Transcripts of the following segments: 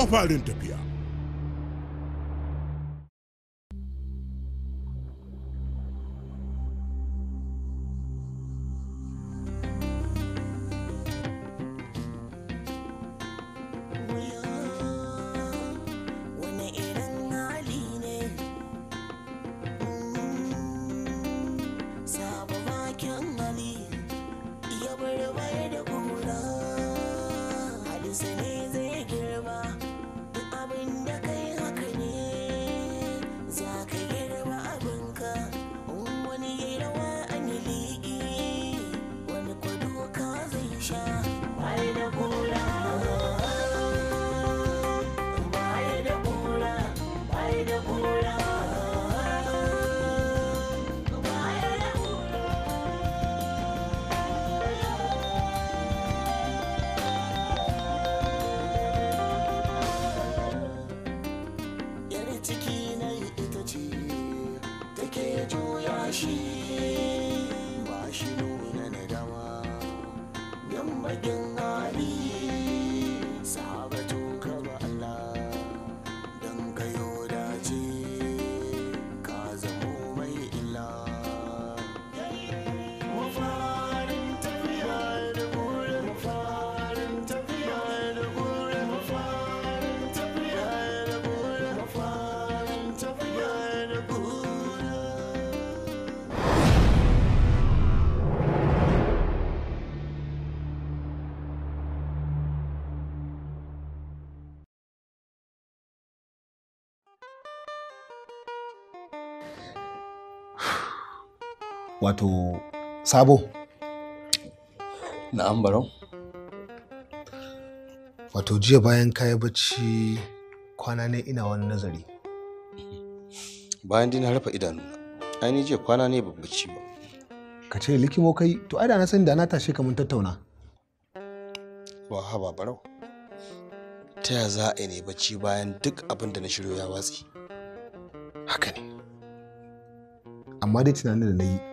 mafarin tafiya wato sabo Na barau wato jiya bayan kayi bacci kwana ne ina wani nazari bayan dina rufe idanu ainihin jiya kwana ne ba bacci ba ka ce likimo kai to ai da na san da na tashe ka mun tattauna wa haba barau ta ya za a ne bacci bayan duk abin da na shiryo ya watsi haka ne amma dai tunanin da na yi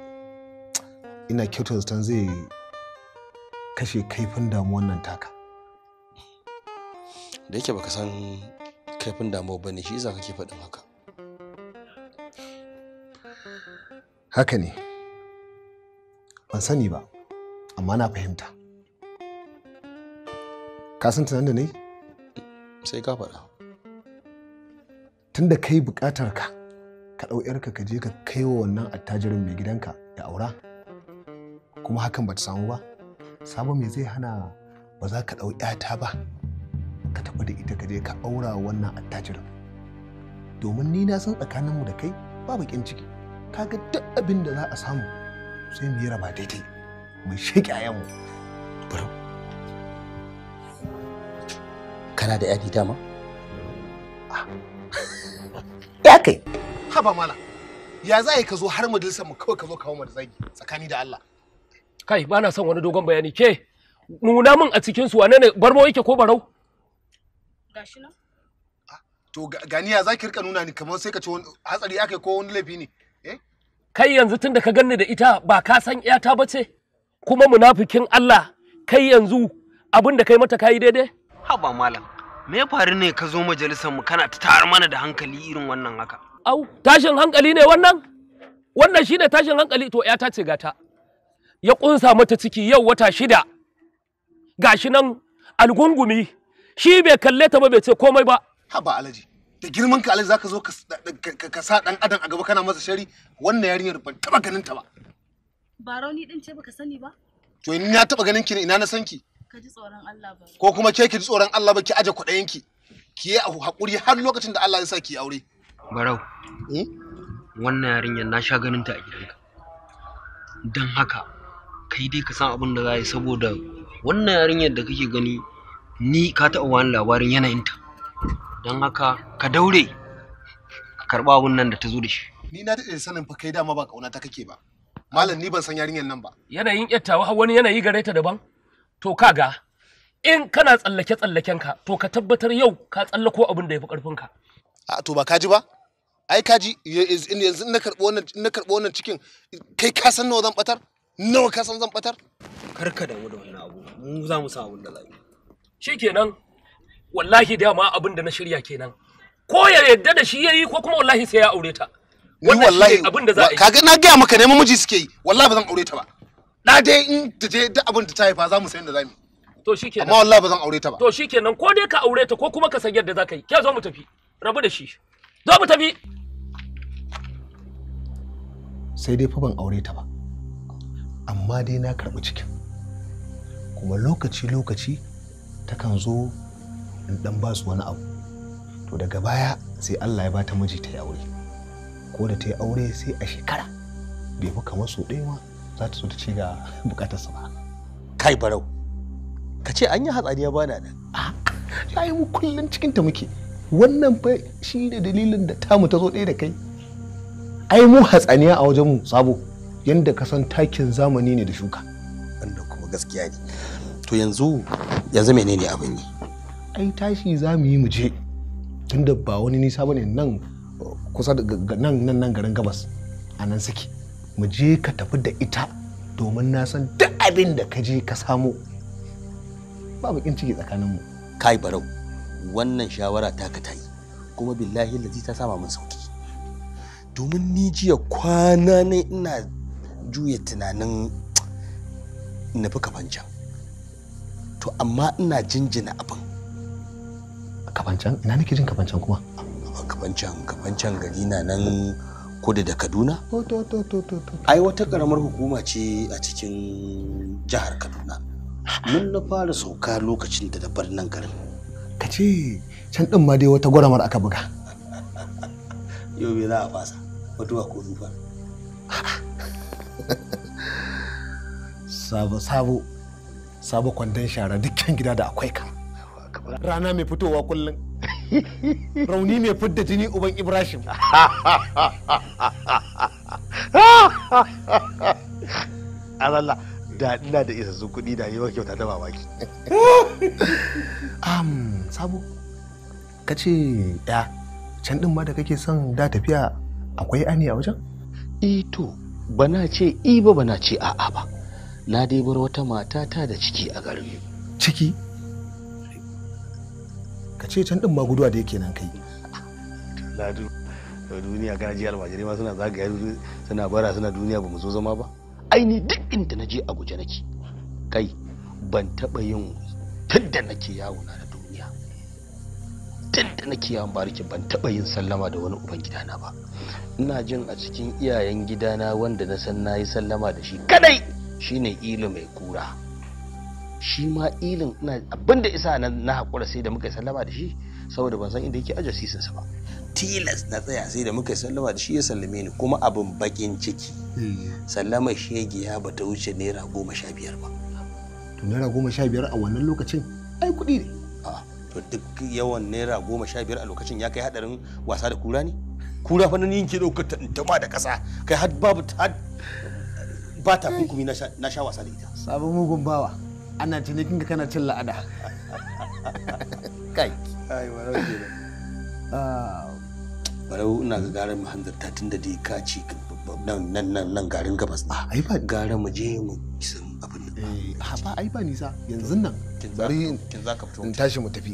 ina kyautar zaton zai kashe kaifin damu nan taka da yake baka san kaifin damuwa bane shi za kake faɗin haka haka ne ban sani ba amma na fahimta ka san tunanin da ne sai ka faɗa tunda kai buƙatar ka ka ɗau 'yarka ka je ka kai wa wannan attajirin mai gidanka ya aura kuma hakan ba ta samu ba sabo me zai hana ba za ka ɗau ƴata ba ka tafi da ita ka je ka aura wannan attajirin domin ni na san tsakaninmu da kai ba bakin ciki kaga duk abin da za a samu sai mu yi raba daidai mu a ayanmu bari kana da yadi dama ah. ya kai haba mala ya za ka zo har majalisar mu kawai ka zo kawo mu da zagi tsakani da Allah kai ba na son wani dogon bayani ke nuna min a cikin su wane ne barmo yake ko barau gashi nan to ganiya zaki rika nuna ni kamar sai ka ce hatsari aka ko wani laifi ne eh kai yanzu tunda ka ganni da ita ba ka san iyata ba ce kuma munafikin Allah kai yanzu abin da kai mata kai daidai haba malam me ya faru ne ka zo majalisar mu kana ta tar mana da hankali irin wannan haka au tashin hankali ne wannan wannan shine tashin hankali to iyata ce gata ya ƙunsa mata ciki yau wata shida gashi nan algungumi shi bai kalle ta ba bai ce komai ba haba alaji da girman ka alaji zaka zo ka sa dan adam a gaba kana masa shari wannan yarinyar ban taba ganin ta ba ba rauni din ce baka sani ba to in na taba ganin ki ina na san ki ka ji tsoron Allah ba ko kuma ke ki ji tsoron Allah ba ki aje kuɗayen ki ki yi hakuri har lokacin da Allah ya sa ki aure barau hmm? wannan yarinyar na sha ganin ta a gidanka don haka kai dai ka san abin da za yi saboda wannan yarinyar da kake gani ni ka taɓa wani labarin yanayinta don haka ka daure ka karɓa abin nan da ta zo da shi ni na daɗe sanin fa kai dama ba ƙauna ta kake ba malam ni ban san yarinyar nan ba yanayin yattawa wani yanayi gare ta daban to kaga in kana tsallake tsallaken ka to ka tabbatar yau ka tsallako abin da yafi ƙarfin ka a to ba kaji ba ai kaji yanzu in na karɓo wannan cikin kai ka san nawa zan batar nawa ka san zan batar karka da mu da wannan abu mu za mu sa abun da zai shikenan wallahi da ma abin da na shirya kenan ko ya yadda da shi yayi ko kuma wallahi sai ya aure ta ni wallahi abin da za a yi kaga na ga maka neman miji suke yi wallahi ba zan aure ta ba na dai in ta je duk abin da ta haifa za mu sayar da zamu to shikenan amma wallahi ba zan aure ta ba to shikenan ko dai ka aure ta ko kuma ka san yadda za ka yi ke zo mu tafi rabu da shi zo mu tafi sai dai fa ban aure ta ba amma dai na karɓi cikin kuma lokaci-lokaci takan zo in ɗan ba su wani abu to daga baya sai allah ya ba ta miji ta yi aure ko da ta yi aure sai a shekara bai fi kamar so ma za ta so ta ce ga sa ba kai barau ka ce an yi hatsari ya bana nan a yi mu kullum cikin ta muke wannan fa shi ne dalilin da ta mu ta zo ɗaya da kai ai mu hatsaniya a wajen mu sabo Yanda ka san takin zamani ne da shuka Wanda kuma gaskiya ne to yanzu yanzu menene abin yi ai tashi za mu yi mu je tunda ba wani nisa bane nan kusa da nan nan nan garin gabas a nan suke mu je ka tafi da ita domin na san duk abin da ka je ka samu ba bakin ciki mu. kai barau wannan shawara ta ka tayi kuma billahi lazi ta sama mun sauki domin ni jiya kwana ne ina juya tunanin nufi kafancan to amma ina jinjina abin kafancan ina nake jin kafancan kuma kafancan kafancan gari na nan kudu da kaduna ai wata karamar hukuma ce a cikin jihar kaduna mun na fara sauka lokacin da da birnin garin ka ce can din ma dai wata gwaramar aka buga yau bai za a fasa mutuwa ko rufa sabo sabo kwandon shara dukkan gida da akwai ka rana mai fitowa kullum rauni mai fidda jini uban ibrahim alalla da ina da isassun kudi da yi kyauta da mamaki sabo ka ce ya can din ma da kake son da tafiya akwai ani a wajen? ito eh bana ce i ba bana ce a'a ba na dai bar wata mata ta da ciki a garin ciki ka ce can din ma guduwa da yake nan kai ladu duniya kana ji almajirai ma suna zagaya suna bara suna duniya ba mu zo zama ba aini duk inda na je abuja nake kai ban taba yin tunda nake yawo na tun da nake yawan bariki ban taɓa yin sallama da wani uban gidana ba ina jin a cikin iyayen gidana wanda na san na yi sallama da shi kadai shine ilu mai kura shi ma ilin ina abin da isa na haƙura sai da muka yi sallama da shi saboda ban san inda yake ajiye sa ba tilas na tsaya sai da muka yi sallama da shi ya sallame ni kuma abin bakin ciki eh. sallama shege ya bata wuce naira goma sha biyar ba to naira goma sha biyar a wannan lokacin ai kuɗi ne to duk yawan naira goma sha biyar a lokacin ya kai hadarin wasa da kura ne kura fa nan yinke ta tantama da ƙasa kai har babu ta ba ta kunkumi na sha wasa da ita sabon mugun bawa ana cinikin ka kana cin la'ada kai ai barau ah. barau ina ga garin mahanzarta tun da dai ka ci nan nan nan garin gabas ah, ai ba gara mu je mu san abin da eh, ba ai ba nisa yanzu nan bari in tashi mu tafi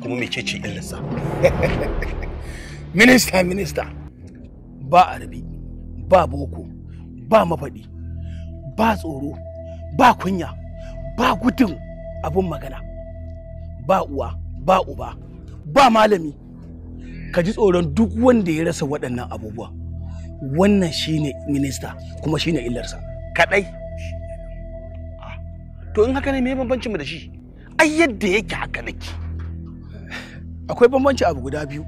kuma mece ce illarsa minista minista ba arabi ba boko ba mafaɗi ba tsoro ba kunya ba gudun abun magana ba uwa ba uba ba malami ka ji tsoron duk wanda ya rasa waɗannan abubuwa wannan shine minista kuma shine illarsa kaɗai to in haka ne me bambancin mu da shi ai yadda yake haka nake akwai bambanci abu guda biyu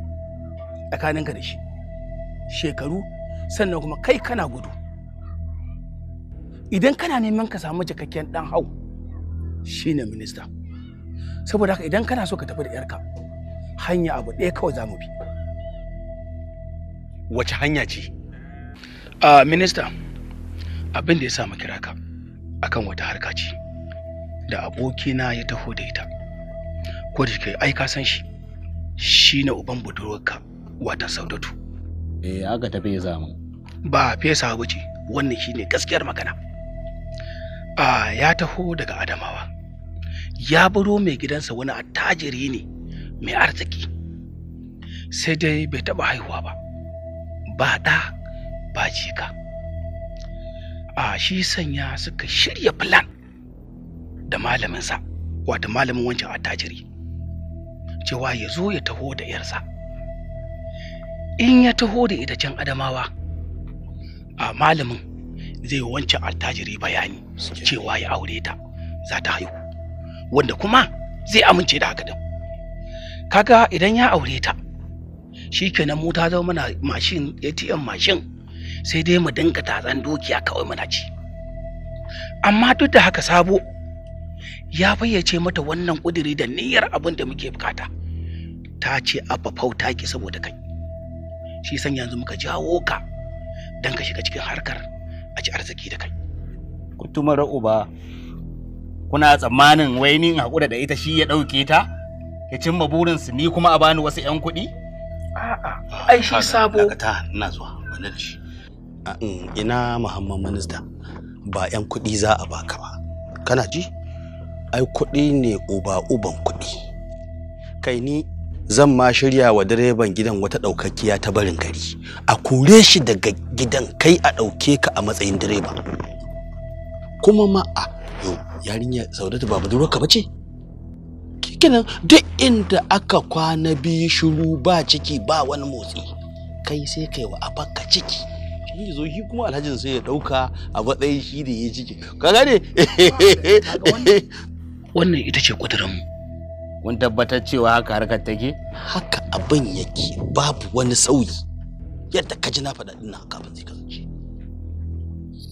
tsakaninka da shi shekaru sannan kuma kai kana gudu idan kana neman ka samu cikakken dan hau shine minista saboda haka idan kana so ka tafi da yarka hanya abu ɗaya kawai za mu bi wace hanya ce a minista abin da ya sa kira ka akan wata harka ce da abokina ya taho da ita ko da kai ai ka san shi shine uban budurwarka wata saudatu eh aka ta fesa zama. ba fesa ba ce wannan shine gaskiyar magana a ya taho daga adamawa ya buro mai gidansa wani attajiri ne mai arziki sai dai bai taba haihuwa ba ba ɗa ba jika a shi sanya suka shirya plan da malaminsa wato malamin wancan attajiri cewa ya zo ya taho da yarsa in ya taho da ita can adamawa a malamin zai wancan attajiri bayani cewa ya aure ta za ta haihu wanda kuma zai amince da haka din kaga idan ya aure ta shikenan mu ta zama mana mashin ATM mashin sai dai mu dinga tatsan dokiya kawai muna ci amma duk da haka sabo ya fayyace mata wannan ƙudiri da niyyar abin da muke bukata ta ce abba fauta ki saboda kai shi san yanzu muka jawo ka don ka shiga cikin harkar a ci arziki da kai kutumar uba kuna tsammanin wai ni haƙura da ita shi ya ɗauke ta ya cimma burinsu ni kuma a bani wasu 'yan kuɗi? a'a ai shi sabo ta ina zuwa wani da shi mm, ina muhammad minista ba 'yan kuɗi za a baka ba kana ji ai kuɗi ne uba uban kuɗi kai ni zan ma shirya wa direban gidan wata ɗaukakkiya ta barin gari a kore shi daga gidan kai a ɗauke ka a matsayin direba kuma ma a yau yarinya saudatu ba budurwarka ba ce kikinan duk inda aka kwana biyu shiru ba ciki ba wani motsi kai sai kai wa abakka ciki shi zo shi kuma alhajin sai ya ɗauka a matsayin shi da ya ciki ka gane wannan ita ce kudurinmu. kun tabbatar cewa haka harkar take haka abin yake babu wani sauyi yadda ka ji na faɗa ɗin kafin zai kasance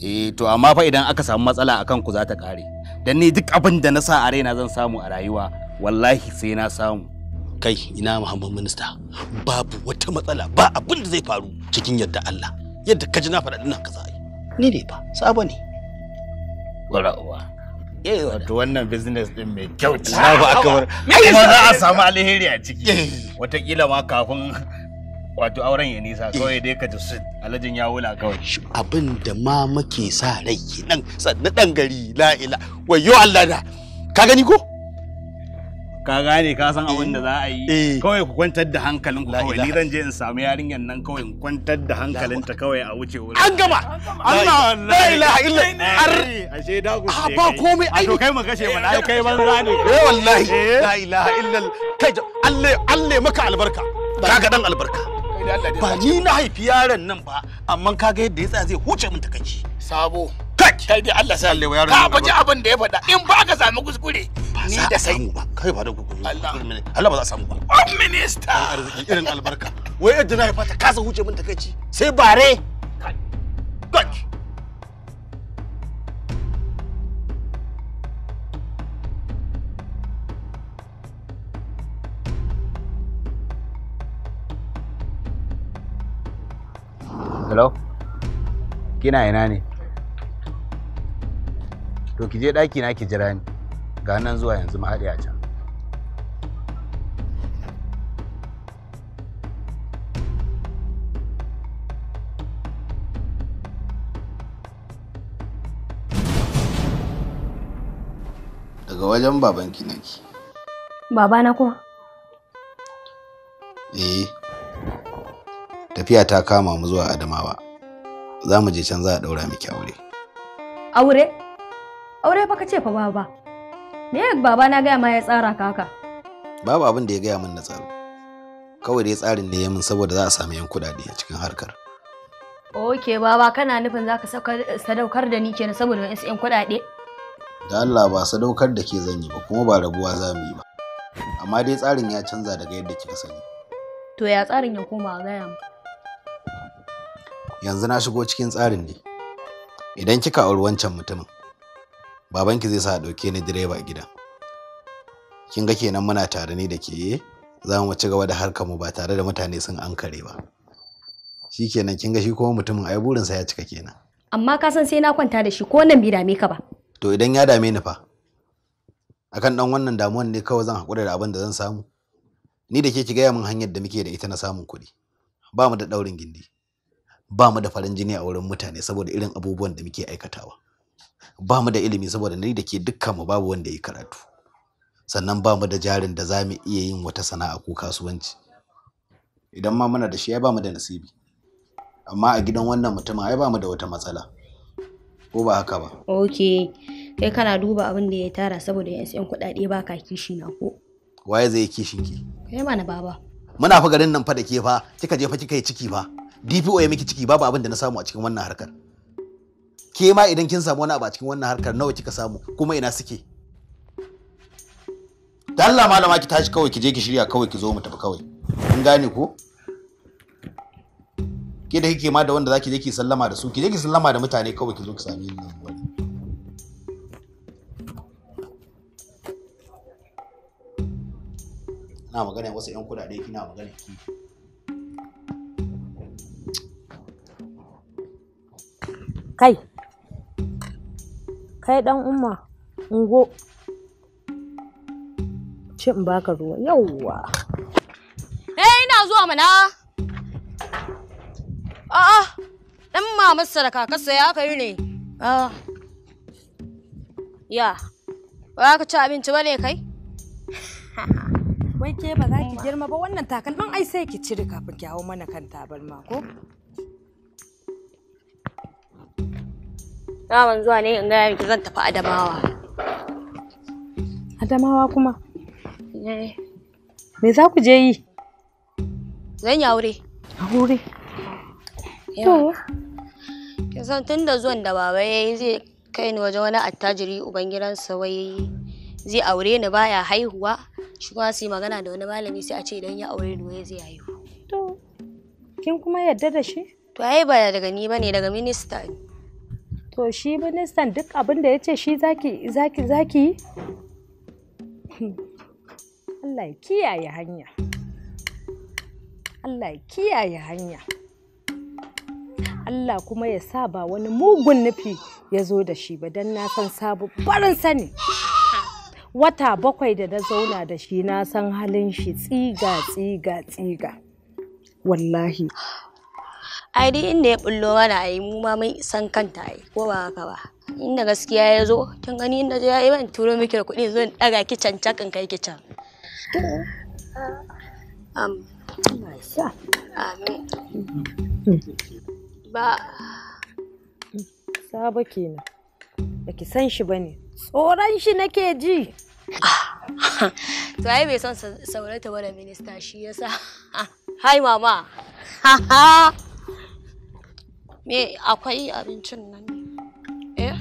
eh to amma fa idan aka samu matsala akan ku za ta ƙare dan ni duk abin da na sa a raina zan samu a rayuwa wallahi sai na samu kai ina muhammad minista babu wata matsala ba abin da zai faru cikin yadda Allah yadda ka ji na faɗa ɗin haka za a yi ni ne ba sabo ne uwa. Eh, wato wannan business din mai kyau ce na ba aka kuma za a samu alheri a ciki eh. watakila ma kafin wato auren ya nisa eh. kawai dai ka su alajin ya wula kawai abin da ma muke sa rai kenan sannan dan gari la ila wayo Allah da ka gani ko ka gane ka san abin da za a yi eh. kawai ku kwantar da hankalin ku kawai ni zan je in samu yarinyar nan kawai in kwantar da hankalinta kawai a wuce wurin an gama Allah la ilaha illa eh, eh, ar ashe da ku ah, ba komai ai to kai mu kashe mu na kai banza ne eh wallahi la ilaha illa kai Allah Allah maka albarka ga dan albarka ba ni na haifi yaron nan ba amma kaga yadda ya tsaya zai huce min takaici sabo kai dai Allah sai Allah ka abin da ya faɗa in ba ka samu kuskure ni kai ba da kuskure Allah Allah ba za a ba minister arziki irin albarka wai na fata kasa huce min takeici sai bare Hello? Kina ina ne? to ki je ɗaki na ki jira ni ga nan zuwa yanzu mu haɗe a can daga wajen babanki nake babana kuma eh tafiya ta kama mu zuwa adamawa za mu je can za a ɗaura miki aure aure Aure fa kace fa baba. Me yak baba na gaya ma ya tsara ka haka? Babu abin da ya gaya min na tsaro. Kawai dai tsarin da ya min saboda za a sami yan kuɗaɗe a cikin harkar. Ok baba kana nufin zaka ka sadaukar da ni kenan saboda wa'insu yan kuɗaɗe? Da Allah ba sadaukar da ke zan yi ba kuma ba rabuwa za mu yi ba. Amma dai tsarin ya canza daga yadda kika sani. To ya tsarin ya koma gaya mu. Yanzu na shigo cikin tsarin ne. Idan kika auri wancan mutumin, babanki zai sa ɗauke ni direba a gidan kin ga kenan muna tare ni da ke eh? za mu ci gaba da harkar mu ba tare da mutane sun ankare ba shi kenan kin ga shi kuma mutumin ai burinsa ya cika kenan amma ka san sai na kwanta da shi ko nan bai dame ka ba to idan ya dame ni fa akan dan wannan damuwan ne kawai zan haƙura da abin da zan samu ni da ke ki gaya min hanyar da muke da ita na samun kuɗi ba mu da ɗaurin gindi ba mu da farin jini a wurin mutane saboda irin abubuwan da muke aikatawa ba mu da ilimi saboda ni da ke dukkan mu babu wanda ya yi karatu sannan ba mu da jarin da za mu iya yin wata sana'a ko kasuwanci idan ma muna da shi ai ba mu da nasibi amma a gidan wannan mutumin ai ba mu da wata matsala ko ba haka ba ok kai kana duba abin da ya tara saboda yan yan kuɗaɗe ba ka kishi na ko waye zai kishin ki kai ma na baba muna fa garin nan fa da ke fa kika je fa kika yi ciki fa DPO ya miki ciki babu abin da na samu a cikin wannan harkar ke ma idan kin samu wani abu a cikin wannan harkar nawa kika samu kuma ina suke da Allah malama ki tashi kawai ki je ki shirya kawai ki zo mu tafi kawai kun gane ko ke da kike ma da wanda zaki je ki sallama da su ki je ki sallama da mutane kawai ki zo ki same ni na magana wasu yan kudade kina magana ki kai kai dan umma ungo ce in baka ruwa yauwa eh ina zuwa mana a'a dan saraka da kakarsa ya kai ne ah. ya ba ka ci abinci ba ne kai wai ke ba za ki girma ba wannan takalman ai sai ki cire kafin ki hawo mana kan tabarma ko na ban zuwa ne in gaya miki zan tafi adamawa adamawa kuma eh. me za ku je yi zan yi aure aure to kin san tun da zuwan da baba yayi zai kai ni wajen wani attajiri ubangidansa wai zai aure ni baya haihuwa shi kuma su yi magana da wani malami sai a ce idan ya aure ni wai zai haihu to kin kuma yarda da shi to ai ba daga ni bane daga minista ne to shi ministan duk abin da ya ce shi zaki zaki zaki Allah ya kiyaye hanya Allah ya kiyaye hanya Allah kuma ya sa ba wani mugun nufi ya zo da shi ba don na san barin sani wata bakwai da na zauna da shi na san halin shi tsiga tsiga tsiga wallahi ai duk inda ya bullo mana ai mu ma mun san kanta ai ko ba haka ba inda gaskiya ya zo kin gani inda ya yi ban turo miki da kuɗi zan daga ki can cakan kai ki can am amin ba saba kenan ki san shi bane tsoron shi nake ji to ai bai son saurata ba da minista shi yasa hai mama ha ha me akwai abincin nan eh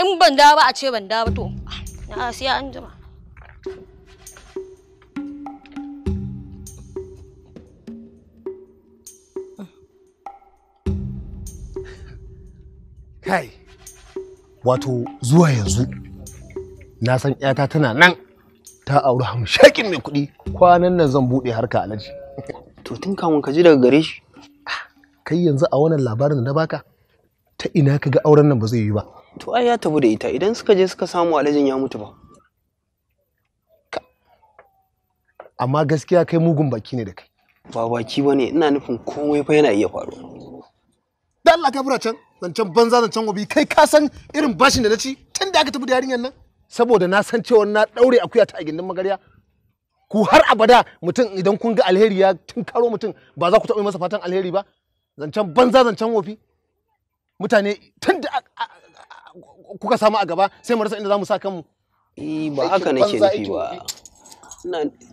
in ban da ba a ce ban da to na sai an jima kai wato zuwa yanzu na san 'yata tana nan ta auri hamshakin mai kuɗi kwanan nan zan buɗe harka alaji to tun kawun ka ji daga gare shi kai yanzu a wannan labarin da na baka ta ina ka auren nan ba zai yi ba to ai ya tabu da ita idan suka je suka samu alajin ya mutu ba amma gaskiya kai mugun baki ne da kai ba baki bane ina nufin komai fa yana iya faruwa da Allah can zancen banza zancen gobi kai ka san irin bashin da na ci tun da aka tafi da yarinyar nan saboda na san cewa na daure akuya ta a gindin magarya ku har abada mutum idan kun ga alheri ya tunkaro mutum ba za ku taɓa masa fatan alheri ba zancen banza zancen wofi mutane tun da kuka samu a gaba sai mu rasa inda za mu sa kanmu eh ba haka nake nufi ba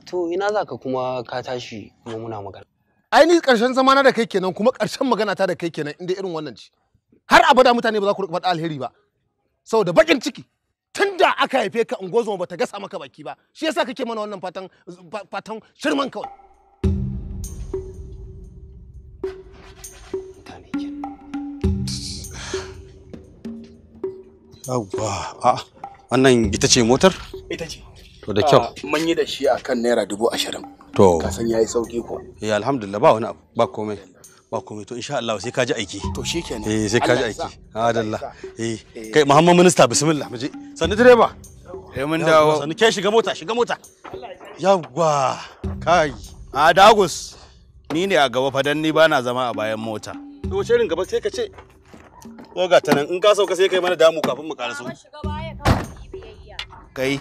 to ina za ka kuma ka tashi kuma muna magana ainihin karshen zamana da kai kenan kuma karshen magana ta da kai kenan inda irin wannan ci. har abada mutane ba za ku faɗa alheri ba saboda bakin ciki tun da aka haife ka gozo ba ta gasa maka baki ba shi yasa kake mana wannan fatan fatan shirman kawai Yawwa, a wannan ita ce motar? Ita ce. To da kyau. Ah, mun yi da shi a kan naira dubu ashirin. To. Kasan ya yi sauki ko? Ya eh, alhamdulillah ba wani abu ba komai. ba komai to insha Allah sai ka ji aiki to shikenan eh sai ka ji aiki adalla eh. eh kai muhammad minista bismillah muje sanni direba eh mun dawo sanni kai shiga mota shiga mota yawwa kai a dagus ni ne a gaba fadan ni bana zama a bayan mota to shirin gaba sai ka ce ko ga ta nan in ka sauka sai kai mana damu kafin mu karasu kai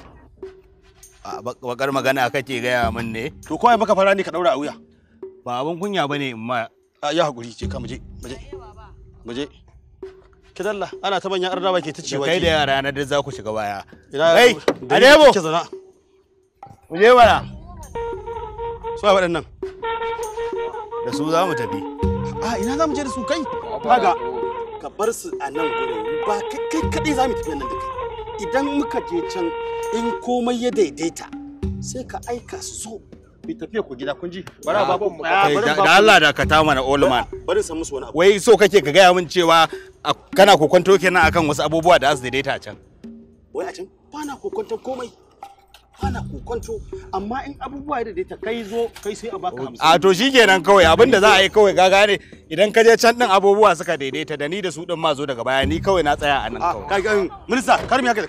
bakar magana kake gaya min ne to ai baka fara ne ka daura a wuya ba abin kunya bane in ma ya haƙuri ce ka muje muje muje ki dalla ana ta manyan ardaba ke ta ciwa kai da yara na da za ku shiga baya kai adebo ki zana muje mana su waɗannan da su za mu tafi a ina za mu je da su kai kaga ka bar su a nan gurin ba kai kadai za mu tafi nan da kai idan muka je can in komai ya daidaita sai ka aika su zo Bi tafiya ku gida Da Allah da ka mana Olman. Wai so kake ka gaya min cewa kana kokonto kenan akan wasu abubuwa da can. a amma in abubuwa da ta kai zo kai sai a baka A to shi kawai abinda za a yi kawai ga gane idan ka je can din abubuwa suka daidaita da ni da su din ma zo daga baya ni kawai na tsaya a nan ah, kawai. Kai minista karmi haka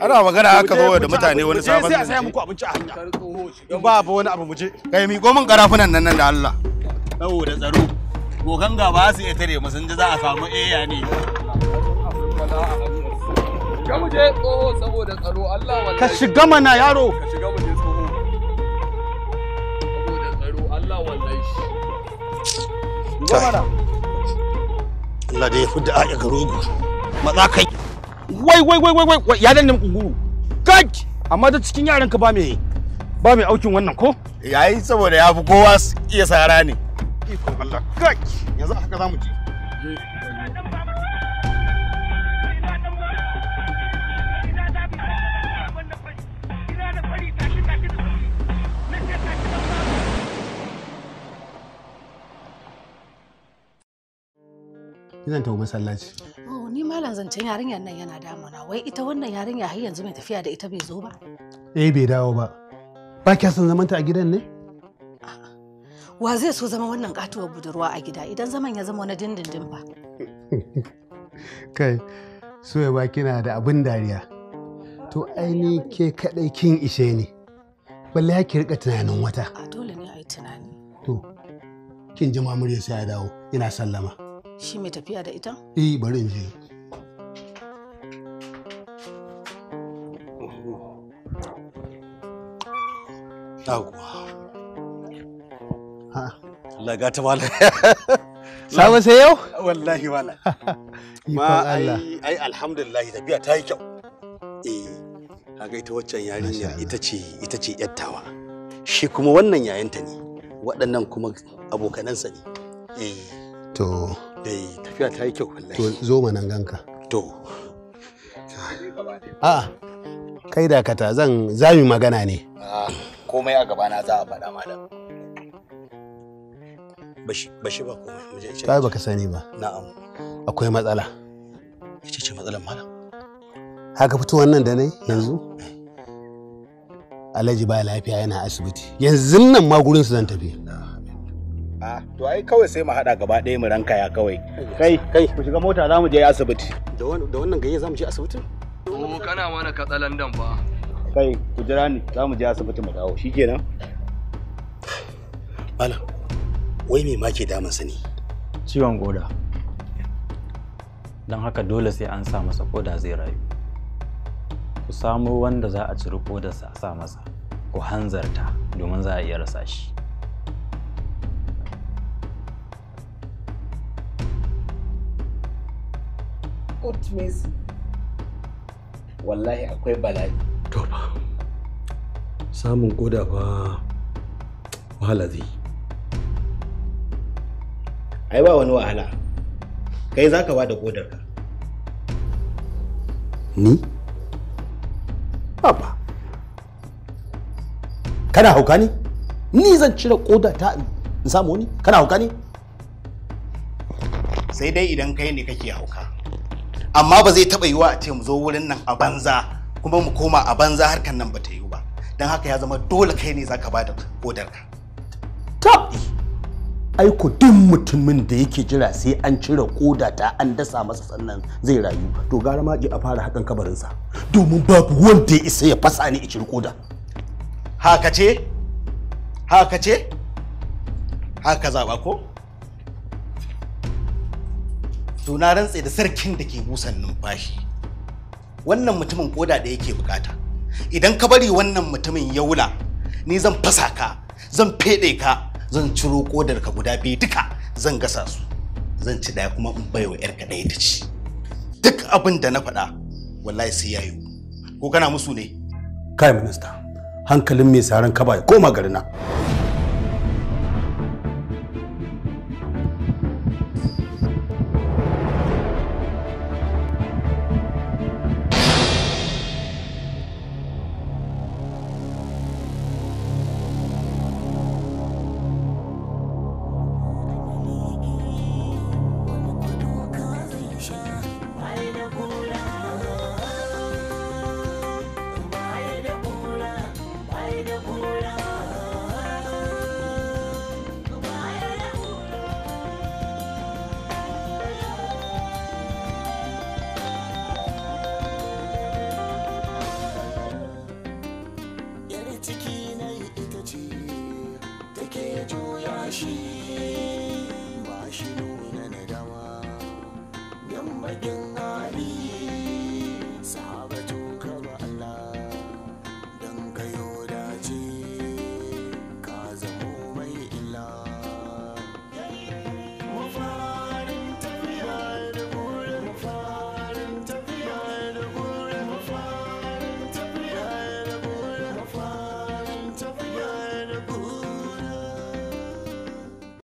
ana magana haka zo da mutane wani sabon sai a saya muku abinci a hanya ba ba wani abu muje kai mi gomin karafunan nan nan da Allah saboda tsaro gogan ga ba su iya tare mu sun ji za a samu eya ne ka mu je tsoho saboda tsaro Allah wallahi ka shiga mana yaro ka shiga mu je tsoho saboda tsaro Allah wallahi shi mana Allah da ya fi a ga rogo matsa wai wai wai wai wai ya nan kunguru kak amma da cikin yaran ka ba me ba me aukin wannan ko yayi saboda ya fi kowa iya sara ne iko Allah kak yanzu haka zamu je Ina tafi masallaci malam zancen yarinyar nan yana damuna wai ita wannan yarinya har yanzu mai tafiya da ita bai zo ba eh bai dawo ba ba kya son zamanta a gidan ne wa zai so zama wannan katuwar budurwa a gida idan zaman ya zama wani dindindin ba kai ya ba kina da abin dariya to ni ke kadai kin ishe ni balle ya ki rika tunanin wata a dole ne a yi tunani to kin ji mamuriyar sai ya dawo ina sallama shi mai tafiya da ita eh bari in je Allah ga ta mala. Samu sai yau? Wallahi wala. Ma ai alhamdulillah tafiya ta yi kyau. Eh, kaga ita waccan yarinya ita ce ita ce yattawa. Shi kuma wannan yayanta ne. Waɗannan kuma abokanansa ne. Eh. To. Eh, tafiya ta yi kyau wallahi. To zo mana ganka. To. A'a. Kai dakata zan zami magana ne. A'a. Ah. komai a gabana za a faɗa malam bashi ba komai mu je ce baka sani ba na'am akwai matsala ce ce matsalar malam haka fito wannan da nai eh. yanzu Alhaji ba lafiya yana asibiti yanzu nan ma gurin su zan tafi to ai kawai sai mu hada gaba ɗaya mu ranka ya kawai kai kai ku shiga mota za mu je asibiti da wannan gayya za mu je asibiti kana mana katsalandan ba kai ku jira ni za mu je asibiti mu dawo shi kenan malam wai me ma ke damun sa ne ciwon koda don haka dole sai an sa masa koda zai rayu ku samo wanda za a ciri kodarsa a sa masa ku hanzarta domin za a iya rasa shi wallahi akwai bala'i toba samun koda fa wahala zai ai ba wani wahala kai za ka ba da kodarka ni Baba. Kana hauka ni? Ni zan cire koda ta in samu wani? Kana hauka ni? Sai dai idan kai ne kake hauka. Amma ba zai taɓa yiwa a ce mu zo wurin nan a banza kuma mu koma a banza harkar nan ba ta yiwu ba don haka ya zama dole kai ne zaka bada bodar ka to ko duk mutumin da yake jira sai an cire koda ta an dasa masa sannan zai rayu to gara ma a fara hakan kabarinsa domin babu wanda ya isa ya fasa ni cire koda haka ce haka ce haka zaba ko to na rantse da sarkin da ke busan numfashi wannan mutumin koda da yake bukata idan ka bari wannan mutumin ya wula ni zan fasa ka zan fede ka zan ciro kodar ka guda biyu duka zan gasa su zan ci daya kuma in baiwa yarka daya ta ci duk abin da na faɗa wallahi sai yayi ko kana musu ne kai minista hankalin mai saran kaba ya koma garina